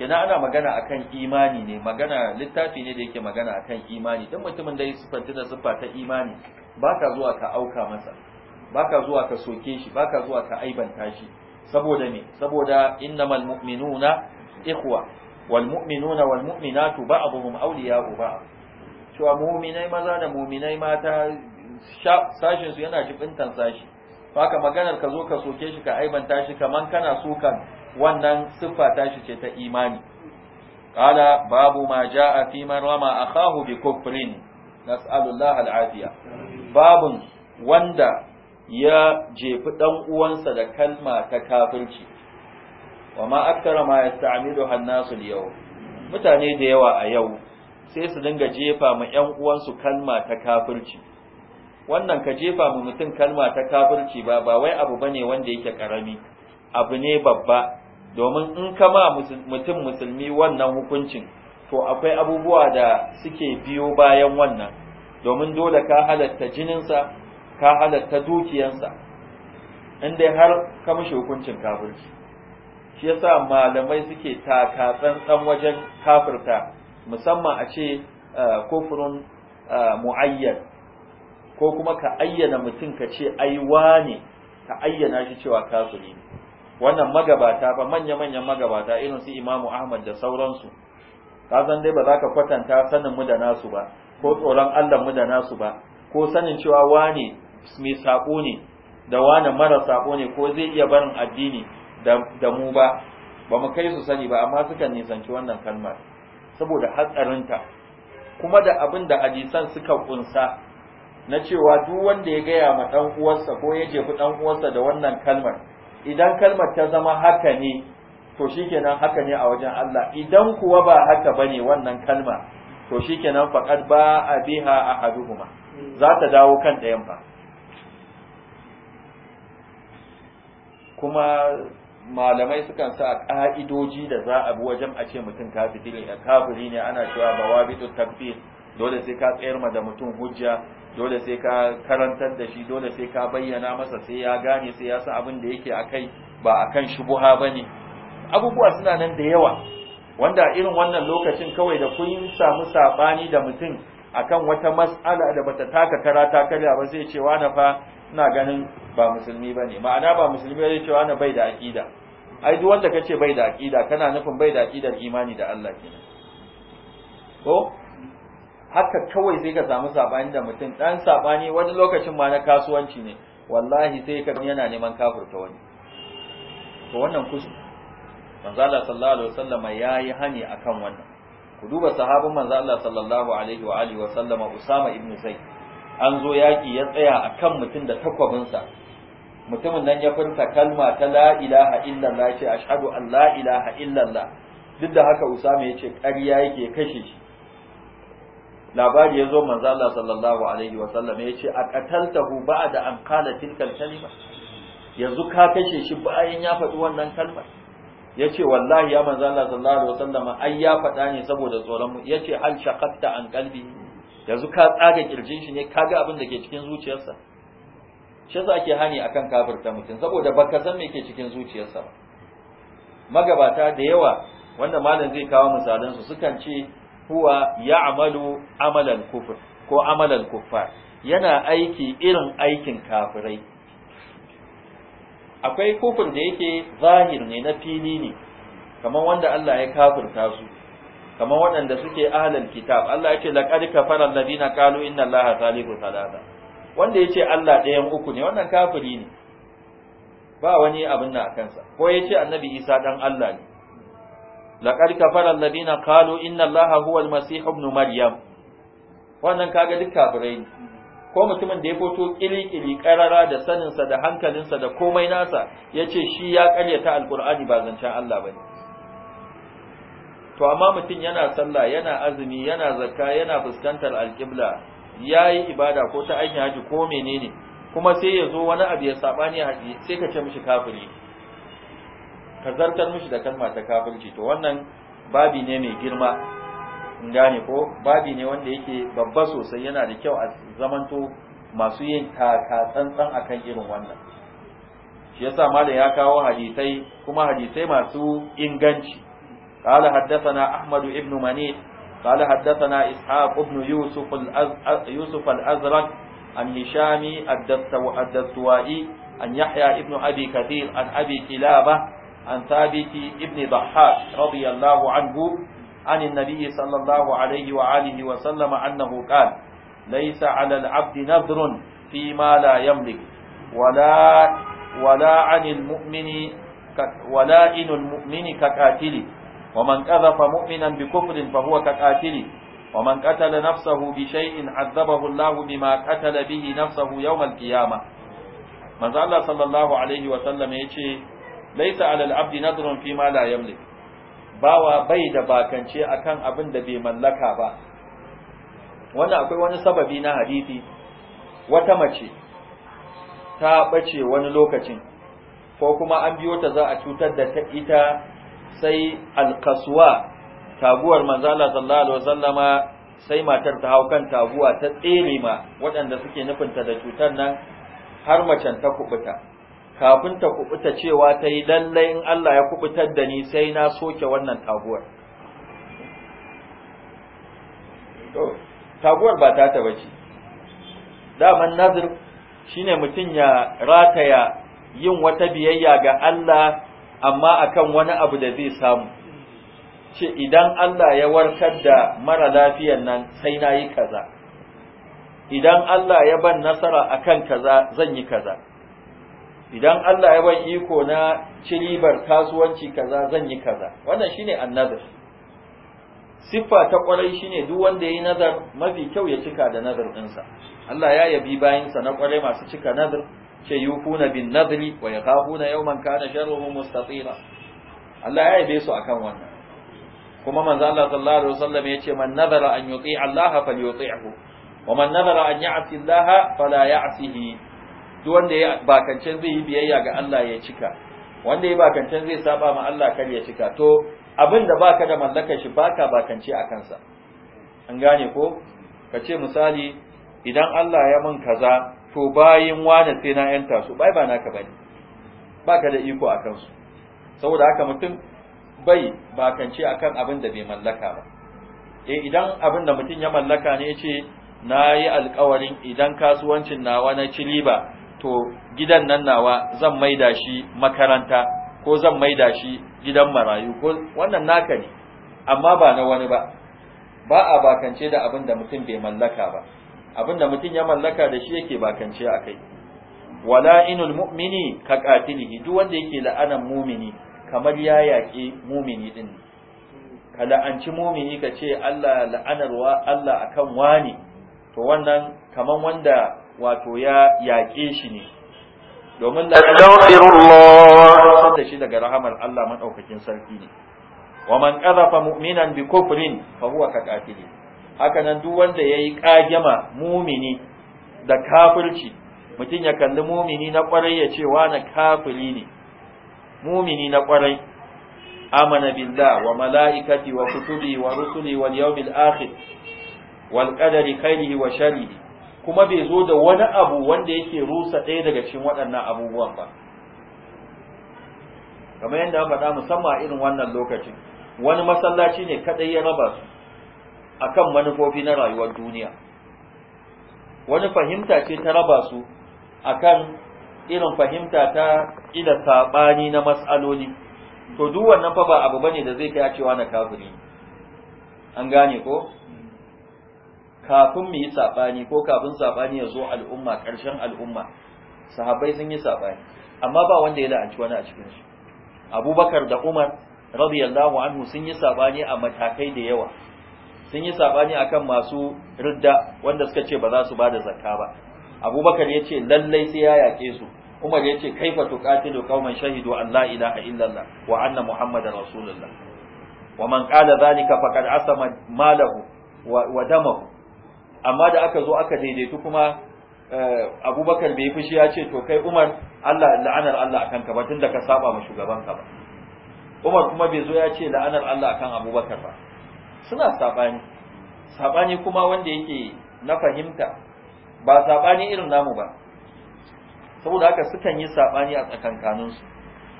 kenan ana magana akan imani ne magana littafi ne da yake magana akan imani duk mutumin da ya sifanti da siffa ta imani baka zuwa ka auka masa baka zuwa ka soke shi baka zuwa ka aibanta shi saboda me saboda innamal mu'minuna ikhwa wal mu'minuna wal mu'minatu ba'dhum awliya'u ba'd cewa mu'minai maza da mu'minai mata sashin su yana jibintan sashi baka maganar ka zo ka soke shi ka aibanta shi kaman kana sokan wannan siffa ta shi ce ta imani qala babu ma jaa fi man rama akahu bi kufrin nas'alullah al'afiya babun wanda ya jefi dan uwansa da kalma ta kafirci wa ma akthara ma yasta'milu hannasu yau mutane da yawa a yau sai su dinga jefa ma ƴan uwansu kalma ta kafirci wannan ka jefa mu mutum kalma ta kafirci ba ba wai abu bane wanda yake karami abu ne babba domin in ka ma mutum musulmi wannan hukuncin to akwai abubuwa da suke biyo bayan wannan domin dole ka halatta jininsa ka halatta dukiyansa inda har ka mishi hukuncin kafirci shi yasa malamai suke taka tsantsan wajen kafirta musamman a ce eh, kufurun eh, mu'ayyan ko kuma ka ayyana mutum ka ce ai wane ka ayyana shi cewa kafiri ne wannan magabata fa manya-manyan magabata irin su Imam ahmad da sauransu zan dai ba za ka kwatanta sanin mu da nasu ba ko tsoron allah mu da nasu ba ko sanin cewa wane mai saƙo ne da wane mara saƙo ne ko zai iya barin addini da mu ba ba mu kai su sani ba amma sukan nisanci wannan kalmar saboda hatsarinta kuma da abin da hadisan suka kunsa na cewa duk wanda ya gaya ma dan uwarsa ko ya jefi dan uwarsa da wannan kalmar idan kalmar ta zama haka ne to shikenan haka ne a wajen Allah idan kuwa ba haka bane wannan kalma to shikenan faqad ba a biha ahaduhuma za ta dawo kan ɗayan ba. kuma malamai sukan sa ka'idoji da za a bi wajen a ce mutum kafiri ne kafiri ne ana cewa bawabitu takfir dole sai ka tsayar ma da mutum hujja dole sai ka karantar da shi dole sai ka bayyana masa sai ya gane sai ya san abin da yake akai ba akan shubuha bane abubuwa suna nan da yawa wanda irin wannan lokacin kawai da kun samu sabani da mutum akan wata mas'ala da bata taka karata karya ba zai cewa na fa ina ganin ba musulmi bane ma'ana ba musulmi zai cewa na bai da aqida ai duk wanda kace bai da aqida kana nufin bai da aqidar imani da Allah kenan ko haka kawai sai ka samu sabani da mutum dan sabani wani lokacin ma na kasuwanci ne wallahi sai ka yana neman kafirta wani to wannan kusu manzo Allah sallallahu alaihi wasallama yayi hani akan wannan ku duba sahabin manzo Allah sallallahu alaihi wa alihi wasallama Usama ibn Zaid an zo yaki ya tsaya akan mutum da sa mutumin nan ya furta kalma ta la ilaha illallah ce ashhadu an la ilaha illallah duk da haka Usama ya ce ƙarya yake kashe shi labari ya zo manzo Allah sallallahu alaihi wa sallam ya ce a qataltahu ba'da an qala tilkal kalima yanzu ka kashe shi bayan ya faɗi wannan kalmar ya ce wallahi ya manzo Allah sallallahu alaihi wa sallam ai ya faɗa ne saboda tsoron mu ya ce hal shaqatta an qalbi yanzu ka tsaga kirjin shi ne kaga abin da ke cikin zuciyarsa shi yasa ake hani akan kafirta mutum saboda baka san me ke cikin zuciyarsa magabata da yawa wanda malam zai kawo misalan su sukan ce huwa amalu amalan kufur ko amalan kuffar yana aiki irin aikin kafirai akwai kufur da yake zahir ne na fili ne kamar wanda Allah ya kafirta su kamar waɗanda suke ahlul kitab Allah yake laqad kafara alladina qalu inna allaha thalithu thalatha wanda yace Allah ɗayan uku ne wannan kafiri ne ba wani abin nan akansa ko yace annabi Isa dan Allah ne laqad kafara alladhina qalu inna allaha huwa almasih ibn maryam wannan kaga duk kafirai ne ko mutumin da ya fito kili-kili karara da saninsa da hankalinsa da komai nasa ya ce shi ya karyata alkur'ani ba zancen Allah ba ne to amma mutum yana sallah yana azumi yana zakka yana fuskantar alƙibla ya yi ibada ko ta aikin haji ko menene kuma sai ya zo wani abu ya saɓani haji sai ka ce mishi kafiri ka zartar mishi da kalma ta kafirci to wannan babi ne mai girma in gane ko babi ne wanda yake babba sosai yana da kyau a zamanto masu yin taka tsantsan akan irin wannan shi yasa malam ya kawo hadisai kuma hadisai masu inganci قال حدثنا أحمد Ibnu منيع قال حدثنا إسحاق بن يوسف يوسف الأزرق عن هشام الدستوائي عن يحيى Ibnu أبي كثير عن abi كلابة عن ثابت ابن ضحاك رضي الله عنه عن النبي صلى الله عليه وآله وسلم أنه قال ليس على العبد نذر فيما لا يملك ولا ولا عن المؤمن ولا إن المؤمن كقاتل ومن قذف مؤمنا بكفر فهو كقاتل ومن قتل نفسه بشيء عذبه الله بما قتل به نفسه يوم القيامة manzo Allah sallallahu alaihi wa sallam yace laisa alal abdi nadrun fi ma la yamlik bawa bai da bakance akan abin da bai mallaka ba wanda akwai wani sababi na hadisi wata mace ta bace wani lokacin ko kuma an biyo ta za a cutar da ita sai alkaswa taguwar manzala sallallahu alaihi wasallama sai matar ta hau kan taguwa ta tsere ma waɗanda suke nufinta da cutar nan har macen ta kubuta kafin ta kubuta cewa ta yi lallai in Allah ya kubutar da ni sai na soke wannan taguwar taguwar ba ta taba ce daman nazir shine mutum ya rataya yin wata biyayya ga Allah amma akan wani abu da zai samu ce idan Allah ya warkar da mara lafiyan nan sai na yi kaza idan Allah ya ban nasara akan kaza zan yi kaza idan Allah ya bai iko na ciribar kasuwanci kaza zan yi kaza wannan shine annazar siffa ta kwarai shine duk wanda yayi nazar mafi kyau ya cika da nazar dinsa Allah ya yabi sa na kwarai masu cika nazar ce yufuna bin nadri wa yakhafuna yawman kana sharruhu mustatira Allah ya yabe su akan wannan kuma manzo Allah sallallahu alaihi wasallam ya ce man nazara an yuti Allah falyuti'hu wa man nazara an ya'ti Allah fala ya'tihi duk wanda ya bakance zai yi biyayya ga Allah ya cika wanda ya bakance zai saba ma Allah kar ya cika to abin da baka da mallakar shi baka bakance a kansa an gane ko ka ce misali idan Allah ya mun kaza to bayin wani sai na yanta su bai ba naka bane baka da iko a kansu saboda haka mutum bai bakance akan abin da bai mallaka ba eh idan abin da mutum ya mallaka ne ya ce na yi alkawarin idan kasuwancin nawa na ciliba. to gidan nan nawa zan maida shi makaranta ko zan maida shi gidan marayu ko wannan naka ne amma ba na wani ba ba a bakance da abin da mutum bai mallaka ba abin da mutum ya mallaka da shi yake bakance a kai wala inul mu'mini ka qatilihi duk wanda yake la'anan mumini kamar ya yaƙi mumini din ka la'anci mumini ka ce Allah la'anarwa Allah akan wani to wannan kaman wanda wato ya yaƙe shi ne domin la da shi daga rahamar Allah maɗaukakin sarki ne wa man qadhafa mu'minan bi kufrin fa huwa ka kafiri haka nan duk wanda ya yi kagema mumini da kafirci mutum ya kalli mumini na kwarai ya ce wani kafiri ne mumini na kwarai amana billah wa mala'ikati wa kutubi wa rusuli wal yawmil akhir wal qadari khairihi wa sharrihi kuma bai zo da wani abu wanda yake rusa ɗaya daga cikin waɗannan abubuwan ba kamar yadda an faɗa musamman a irin wannan lokacin wani masallaci ne kaɗai ya raba su akan manufofi na rayuwar duniya wani fahimta ce ta raba su akan irin fahimta ta ila saɓani na matsaloli to duk wannan fa ba abu bane da zai kai cewa na kafiri an gane ko kafin mu yi sabani ko kafin sabani ya zo al'umma ƙarshen al'umma sahabbai sun yi sabani amma ba wanda ya la'anci wani a cikin su Abubakar da Umar radiyallahu anhu sun yi sabani a matakai da yawa sun yi sabani akan masu ridda wanda suka ce ba za su ba da zakka ba Abubakar ya ce lallai sai ya yaƙe su Umar ya ce kaifa tuqatilu qauman shahidu an la ilaha illallah wa anna muhammadar rasulullah wa man qala dhalika faqad asama malahu wa damahu amma da aka zo aka daidaitu kuma eh, abubakar bai fushi ya ce to kai umar allah la'anar allah a kanka ba tunda ka saba ma shugabanka ba umar kuma bai zo ya ce la'anar allah kan abubakar ba suna sabani sabani kuma wanda yake na fahimta ba sabani irin namu ba saboda haka sukan yi sabani a tsakankaninsu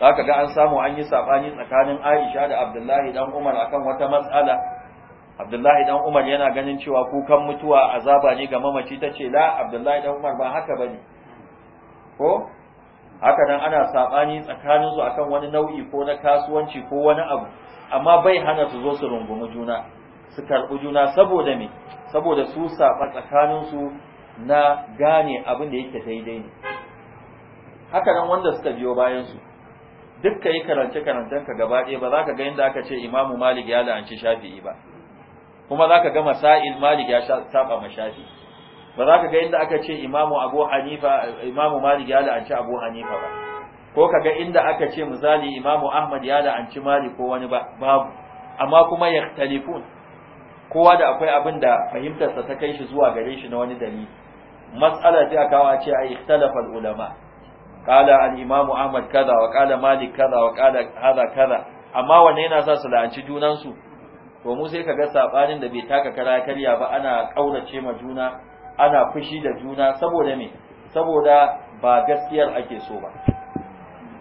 za ka ga an samu an yi sabani tsakanin aisha da abdullahi dan umar akan wata matsala abdullahi dan umar yana ganin cewa kukan mutuwa azaba ne ga mamaci ta ce la abdullahi dan umar ba haka bane ko haka nan ana sabani tsakanin su akan wani nau'i ko na kasuwanci ko wani abu amma bai hana su zo su rungumi juna su karɓi juna saboda me saboda su saba tsakanin su na gane abin da yake daidai ne haka nan wanda suka biyo bayan su kayi kai karance karantanka gaba ɗaya ba za ka ga inda aka ce imamu malik ya la'anci shafi'i ba kuma zaka ga masail malik ya saba ma shafi ba za ka ga inda aka ce imamu abu hanifa imamu malik ya la'anci abu hanifa ba ko ka ga inda aka ce misali imamu ahmad ya la'anci malik ko wani ba babu amma kuma ya talifun kowa da akwai abin da fahimtarsa ta kai shi zuwa gare shi na wani dalili mas'ala sai aka a ce ai ikhtalafa ulama qala al imam ahmad kaza wa qala malik kaza wa qala hada kaza amma wanne yana sa su la'anci junan su to mu sai kaga sabanin da bai taka kara karya ba ana kaurace ma juna ana fushi da juna saboda me saboda ba gaskiyar ake so ba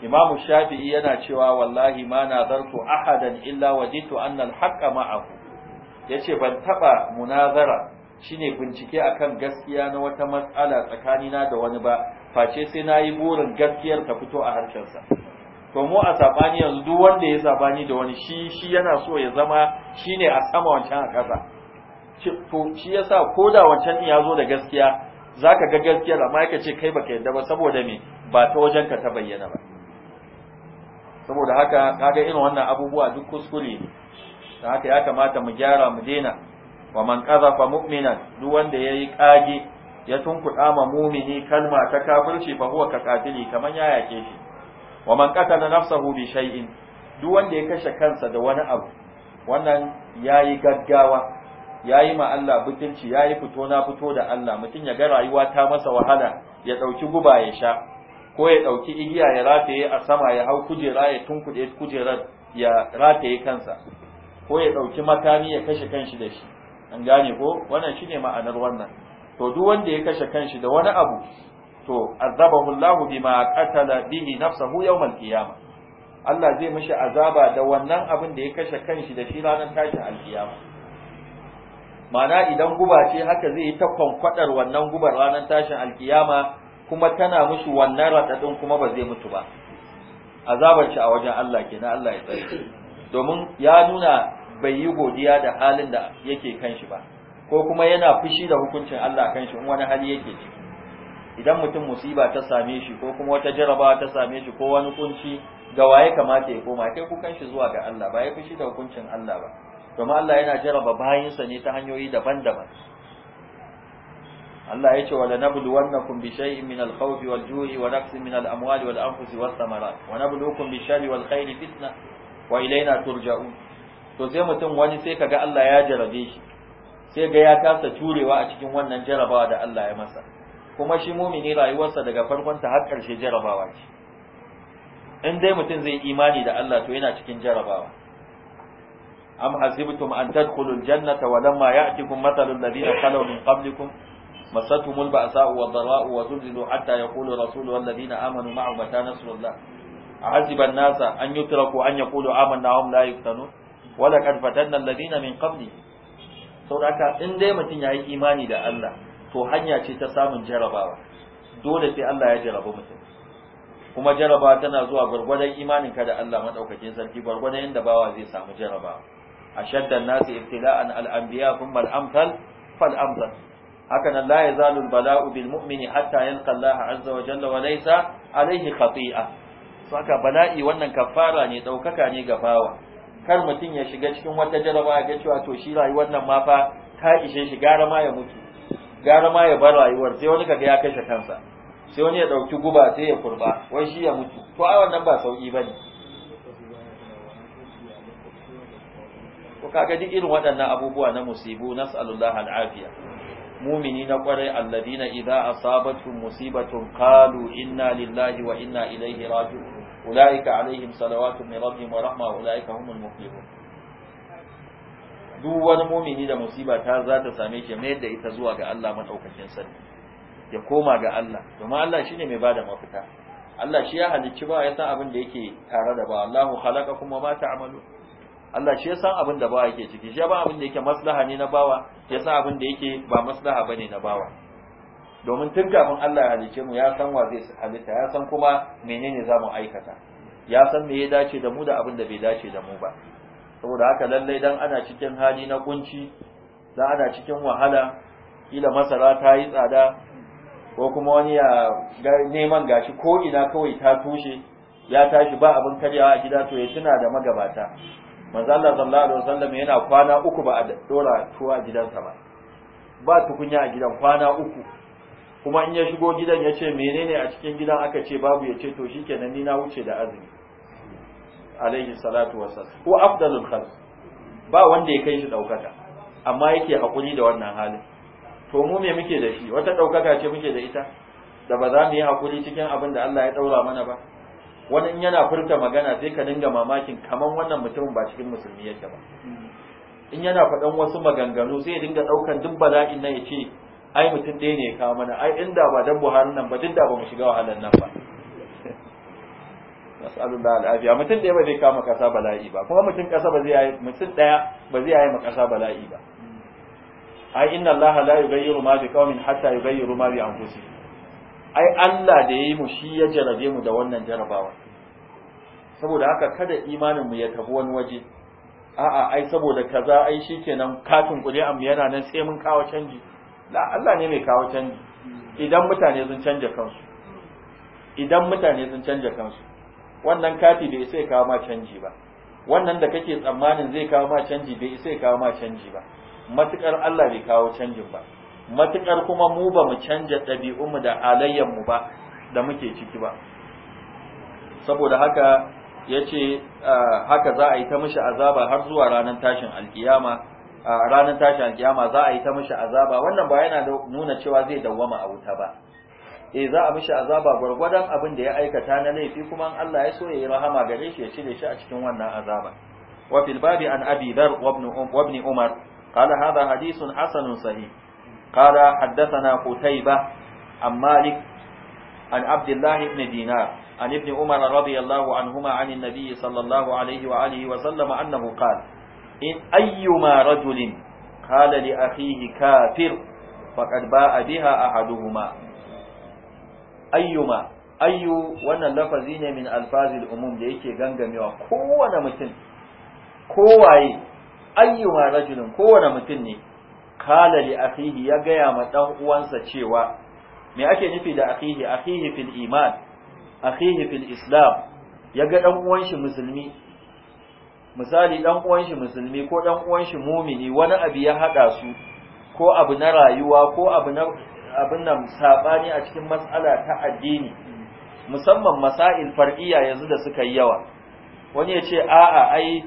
Imam Shafi'i yana cewa wallahi ma nazartu ahadan illa wajitu anna al-haqqa ma'ahu yace ban taba munazara shine bincike akan gaskiya na wata matsala tsakanina da wani ba face sai nayi burin gaskiyar ta fito a harshensa to mu a sabani yanzu duk wanda ya sabani da wani shi shi yana so ya zama shine a sama wancan a kasa to shi yasa ko da wancan din ya zo da gaskiya zaka ga gaskiyar amma yake ce kai baka yarda ba saboda me ba ta wajen ka ta bayyana ba saboda haka kaga irin wannan abubuwa duk kuskure ne da haka ya kamata mu gyara mu dena. wa man qazafa mu'minan duk wanda yayi kage ya tunkuɗa ma mumini kalma ta kafirci fa huwa ka kafiri kaman ya yake shi wa man qatala nafsahu bi shay'in duk wanda ya kashe kansa da wani abu wannan yayi gaggawa yayi ma Allah butulci yayi fito na fito da Allah mutun ya ga rayuwa ta masa wahala ya dauki guba ya sha ko ya dauki igiya ya rataye a sama ya hau kujera ya tunkuɗe kujerar ya rataye kansa ko ya dauki makami ya kashe kanshi da shi an gane ko wannan shine ma'anar wannan to duk wanda ya kashe kanshi da wani abu to azabahu Allah bima qatala bihi nafsahu al-qiyama Allah zai mishi azaba da wannan abin da ya kashe kanshi da shi ranar tashin al-qiyama mana idan guba ce haka zai yi ta kwankwadar wannan gubar ranar tashin al-qiyama kuma tana mishi wannan radadin kuma ba zai mutu ba azabar shi a wajen Allah kenan Allah ya tsare domin ya nuna bai yi godiya da halin da yake kanshi ba ko kuma yana fushi da hukuncin Allah kanshi in wani hali yake ciki idan mutum musiba ta same shi ko kuma wata jaraba ta same shi ko wani kunci ga waye kamata ya koma kai kukan shi zuwa ga Allah ba ya shi da hukuncin Allah ba domin Allah yana jaraba sa ne ta hanyoyi daban-daban Allah ya ce wa lanabluwannakum bi shay'in min al-khawfi wal-ju'i wa naqsin min al-amwali wal-anfusi was-samarat wa nabluwakum bi shari wal-khayri fitna wa ilaina turja'un to sai mutum wani sai kaga Allah ya jarabe shi sai ga ya kasa turewa a cikin wannan jarabawa da Allah ya masa kuma shi mumini rayuwarsa daga farkon ta har ƙarshe jarabawa ce in dai mutum zai imani da Allah to yana cikin jarabawa am hasibtum an tadkhulul jannata wa lamma ya'tikum mathalul ladina khalaw min qablikum masatuhumul ba'sa'u wad-dhara'u wa zulzilu hatta yaqulu rasulu wal ladina amanu ma'a mata nasrullah ahasiba an-nasa an yutraku an yaqulu amanna wa hum la yuftanun wa laqad fatanna alladina min qablihim saboda haka in dai mutum yayi imani da Allah to hanya ce ta samun jarabawa dole sai Allah ya jaraba mutum kuma jaraba tana zuwa gwargwadon imanin ka da Allah madaukakin sarki gwargwadon yanda bawa zai samu jaraba A an-nasi ibtila'an al-anbiya thumma al-amthal fal-amthal haka nan la yazalu al-bala'u bil mu'mini hatta yalqa Allah azza wa jalla wa laysa alayhi khati'a saka bala'i wannan kafara ne daukaka ne ga bawa kar mutum ya shiga cikin wata jaraba ya ga cewa to shi rayuwar nan ma fa ta ishe shi gara ma ya mutu gara ma ya bar rayuwar sai wani kaga ya kashe kansa sai wani ya dauki guba sai ya kurba wai shi ya mutu to ai wannan ba sauki bane ko kaga duk irin waɗannan abubuwa na musibu nas'alullah al'afiya mumini na kwarai alladina idza asabatu musibatun qalu inna lillahi wa inna ilaihi raji'un ulaika alaihim salawatu min rabbihim wa rahma ulaika humul muflihun duk wani mumini da musiba ta za ta same shi mai da ita zuwa ga Allah madaukakin sarki ya koma ga Allah domin Allah shine mai bada mafita Allah shi ya halicci ba ya san abin da yake tare da ba Allahu khalaqakum wa ma ta'malun Allah shi ya san abin da bawa yake ciki shi ba abin da yake maslaha ne na bawa ya san abin da yake ba maslaha bane na bawa domin tun kafin Allah ya halicce mu ya san wa zai halitta ya san kuma menene za mu aikata ya san me ya dace da mu da abin da bai dace da mu ba saboda haka lallai dan ana cikin hali na kunci dan ana cikin wahala kila masara ta yi tsada ko kuma wani ya neman gashi ko ina kawai ta tushe ya tashi ba abin karyawa a gida to ya tuna da magabata manzo Allah sallallahu alaihi wasallam yana kwana uku ba a dora tuwa gidansa ba ba tukunya a gidan kwana uku kuma in ya shigo gidan ya ce menene a cikin gidan aka ce babu ya ce to shikenan ni na wuce da azumi alaihi salatu wasallam ko afdalul khalq ba wanda ya kai shi daukaka amma yake hakuri da wannan halin to mu me muke da shi wata daukaka ce muke da ita da ba za mu yi hakuri cikin abin da Allah ya daura mana ba wani in yana furta magana sai ka dinga mamakin kaman wannan mutumin ba cikin musulmi yake ba in yana faɗan wasu maganganu sai ya dinga ɗaukan duk bala'in nan ya ce ai mutum ɗaya ne ya kawo mana ai inda ba dan Buhari nan ba duk da ba mu shiga wahalar nan ba da al'afiya mutum ɗaya ba zai kama ƙasa bala'i ba kuma mutum ƙasa ba zai yi mutum ɗaya ba zai yi kasa bala'i ba ai inna Allah la yughayyiru ma biqaumin hatta yughayyiru ma bi anfusihim ai Allah da yayi mu shi ya jarabe mu da wannan jarabawa saboda haka kada imanin mu ya tafi wani waje a'a ai saboda kaza ai shikenan katin kuri'an mu yana nan sai mun kawo canji la Allah ne mai kawo canji idan mutane sun canja kansu idan mutane sun canja kansu wannan kati bai isa ya kawo ma canji ba wannan da kake tsammanin zai kawo ma canji bai isa ya kawo ma canji ba matukar Allah bai kawo canjin ba matukar kuma mu ba mu canja ɗabi'unmu da mu ba da muke ciki ba saboda haka ya ah, haka za a yi ta mishi azaba har zuwa ranar tashin alkiyama ah, ranar tashin alkiyama za a yi ta mishi azaba wannan ba yana nuna cewa zai dawwama a wuta ba eh za a mishi azaba gwargwadon abin da ya aikata na laifi kuma in Allah ya so ya yi rahama gare shi ya cire shi a cikin wannan azaba wa fil babi an abi dhar um, wa ibn umar qala hadha hadithun hasanun sahih qala haddathana qutayba an malik an abdullah ibn dinar an ibn umar radiyallahu anhuma an an-nabi sallallahu alayhi wa alihi wa sallam annahu qala in ayyuma rajulin qala li akhihi kafir faqad ba'a biha ahaduhuma ayyuma ayyu wannan lafazi ne min alfazil umum da yake gangamewa kowane mutum kowaye ayyuma rajulun kowane mutum ne kala li akhihi ya gaya ma dan uwansa cewa me ake nufi da akhihi akhihi fil iman akhihi fil islam ya ga dan uwan shi musulmi misali dan uwan shi musulmi ko dan uwan shi mumini wani abu ya hada su ko abu na rayuwa ko abu na abin nan sabani a cikin matsala ta addini musamman masail far'iyya yanzu da suka yi yawa wani ya ce a'a ai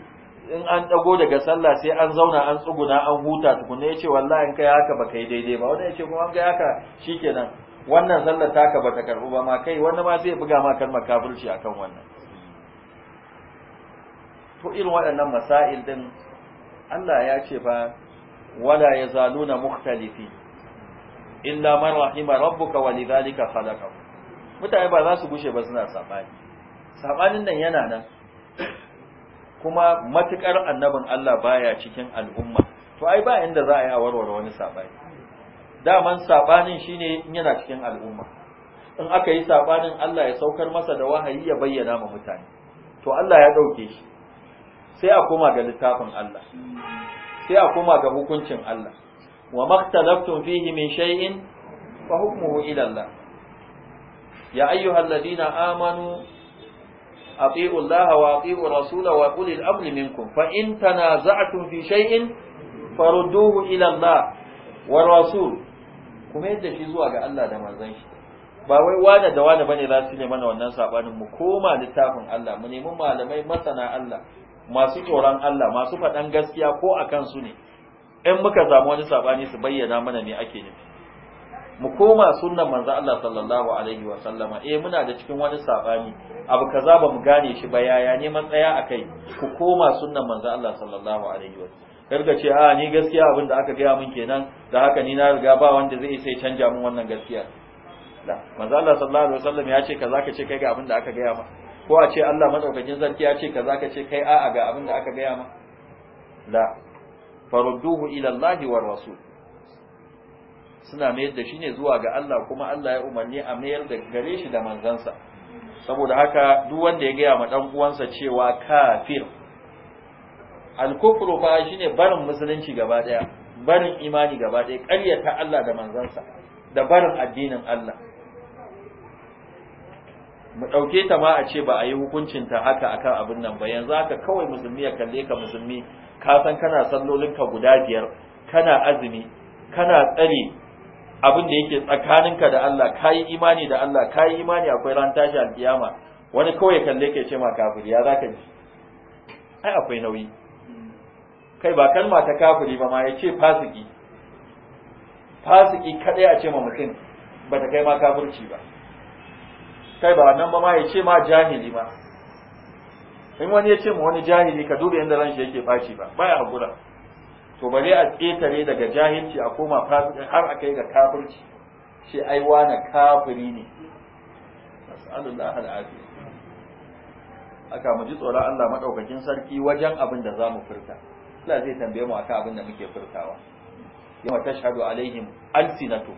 in an dago daga sallah sai an zauna an tsuguna an huta tukunna ya ce wallahi in kai haka ba kai daidai ba wani ya ce kuma an kai haka shikenan wannan sallar taka ta karbu ba ma kai wanda ma zai buga ma kalmar kafirci akan wannan to irin waɗannan masail din Allah ya ce fa wala yazaluna mukhtalifi illa man rahima rabbuka walidhalika khalaqa mutane ba za su gushe ba suna sabani sabanin nan yana nan kuma matukar annabin Allah baya cikin al'umma to ai ba inda za a yi a warware wani sabani daman sabanin shine in yana cikin al'umma in aka yi sabanin Allah ya saukar masa da wahayi ya bayyana ma mutane to Allah ya dauke shi sai a koma ga littafin Allah sai a koma ga hukuncin Allah wa maktalaftum fihi min shay'in fa hukmuhu ila Allah ya ayyuhal ladina amanu أطيعوا الله وأطيعوا الرسول وأولي الأمر منكم فإن تنازعتم في شيء فردوه إلى الله والرسول kuma yadda shi zuwa ga Allah da manzon shi ba wai wani da wani bane za su ne mana wannan sabanin mu koma littafin Allah mu nemi malamai masana Allah masu tsoron Allah masu faɗan gaskiya ko akan su ne in muka samu wani sabani su bayyana mana me ake nufi mu koma sunnan manzo Allah sallallahu alaihi wa sallama eh muna da cikin wani sabani abu kaza ba mu gane shi ba yaya neman tsaya akai ku koma sunnan manzo Allah sallallahu alaihi wa karga ce a ah, ni gaskiya abin da aka gaya min kenan da haka ni na riga ba wanda zai sai canja min wannan gaskiya da manzo Allah sallallahu alaihi wa sallama ya ce kaza ka ce kai ga abin da aka gaya ma ko a ce Allah madaukakin sarki ya ce kaza ka ce kai a'a ga abin da aka gaya ma la farudduhu ila Allah war rasul suna mayar da shi ne zuwa ga Allah kuma Allah ya umarni a mayar da gare shi da manzansa saboda haka duk wanda ya gaya ma dan uwansa cewa kafir al-kufru fa shine barin musulunci gaba daya barin imani gaba daya ƙaryata Allah da manzansa da barin addinin Allah mu ɗauke ta ma a ce ba a yi hukuncin ta haka akan abin nan ba yanzu haka kawai musulmi ya kalle ka musulmi ka san kana sallolinka guda biyar kana azumi kana tsare abin da yake tsakaninka da Allah kayi imani da Allah kayi imani akwai ran tashi alkiyama wani kawai kalle ke ce ma kafiri ya zaka ji ai akwai nauyi kai ba kalma ta kafiri ba ma ya ce fasiki fasiki kadai a ce ma mutum ba ta kai ma kafirci ba kai ba nan ba ma ya ce ma jahili ma in wani ya ce ma wani jahili ka duba yadda ranshi yake baci ba baya hakura to bare a ƙetare daga jahilci a koma har a kai ga kafirci shi ai wani kafiri ne nas'alullah al'afiya aka mu ji tsoron Allah madaukakin sarki wajen abin da zamu furta Allah zai tambaye mu akan abin da muke furtawa yawa tashhadu alaihim alsinatu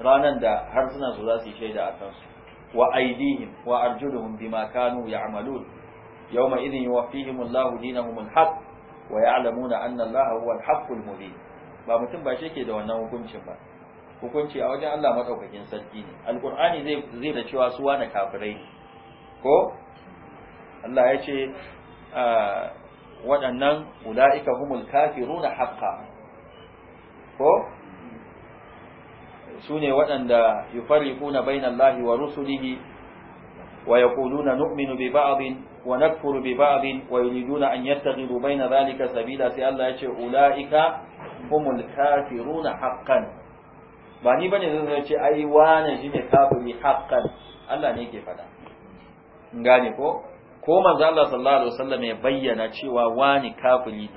ranan da harsunan su za su yi shaida a kansu wa aydihim wa arjuluhum bima kanu ya'malun yawma idhin yuwaffihim Allahu dinahum al-haq wa ya'lamuna anna Allaha huwa al-haqqul mubin ba mutum ba shi ke da wannan hukuncin ba hukunci a wajen Allah madaukakin sarki ne alqur'ani zai zai da cewa su wani kafirai ko Allah ya ce ah, waɗannan ula'ika humul kafiruna haqqan ko su ne waɗanda yufarriquna bainallahi wa rusulihi wa yaquluna nu'minu bi ba'dhin wa nakfuru bi ba'dhin wa yuriduna an yattakhidhu baina zalika sabila sai Allah ya ce ulaika humul kafiruna haqqan ba ni bane zan ce ai wane shi ne kafiri haqqan Allah ne yake faɗa gane ko ko manzo Allah sallallahu alaihi wasallam ya bayyana cewa wani kafiri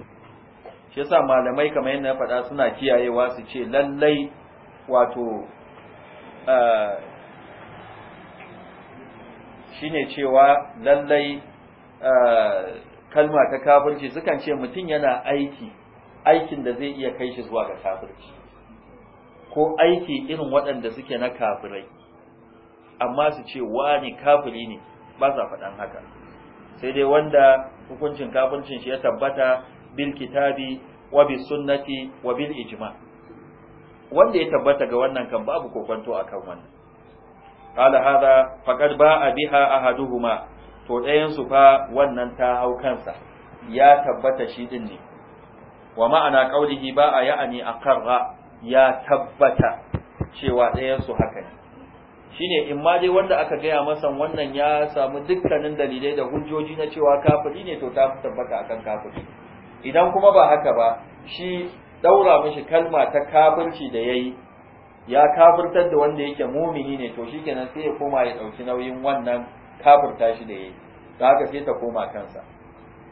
shi yasa malamai kamar yadda na faɗa suna kiyayewa su ce lallai wato eh, shine cewa lallai eh, kalma ta kafirci sukan ce mutum yana aiki aikin da zai iya kai shi zuwa ga kafirci ko aiki irin waɗanda suke na kafirai amma su ce wa ne kafiri ne ba sa faɗan haka sai dai wanda hukuncin kafircin shi ya tabbata bil kitabi wa bi sunnati wa bil ijma' wanda ya tabbata ga wannan kan babu kokonto akan wannan qala hada faqad ba'a biha ahaduhuma to ɗayan su fa wannan ta hau kansa ya tabbata shi din ne wa ma'ana qaulihi ba'a ya'ani aqarra ya tabbata cewa ɗayan su haka ne shine in ma dai wanda aka gaya masa wannan ya samu dukkanin dalilai da hujjoji na cewa kafiri ne to ta tabbata akan kafiri idan kuma ba haka ba shi daura mishi kalma ta kafirci da yayi ya kafirtar da wanda yake mumini ne to shikenan sai ya koma ya dauki nauyin wannan kafirta shi da yayi da haka sai ta koma kansa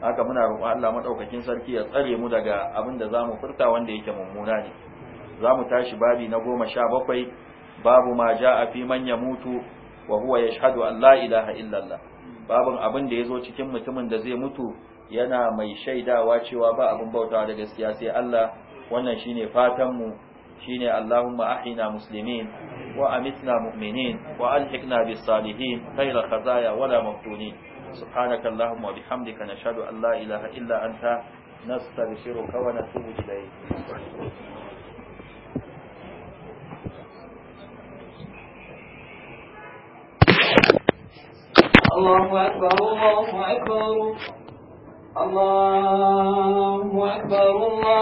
haka muna roƙo Allah madaukakin sarki ya tsare mu daga abin da zamu furta wanda yake mummuna ne zamu tashi babi na 17 babu ma jaa fi man yamutu wa huwa yashhadu an la ilaha illallah babun abin da yazo cikin mutumin da zai mutu yana mai shaidawa cewa ba abin bautawa da gaskiya sai Allah wannan shine fatan mu shine Allahumma ahina muslimin wa amitna mu'minin wa alhiqna bis salihin khayra khazaya wala Allahumma سبحانك اللهم وبحمدك نشهد أن لا إله إلا أنت نستغفرك ونتوب إليك الله أكبر الله أكبر الله أكبر الله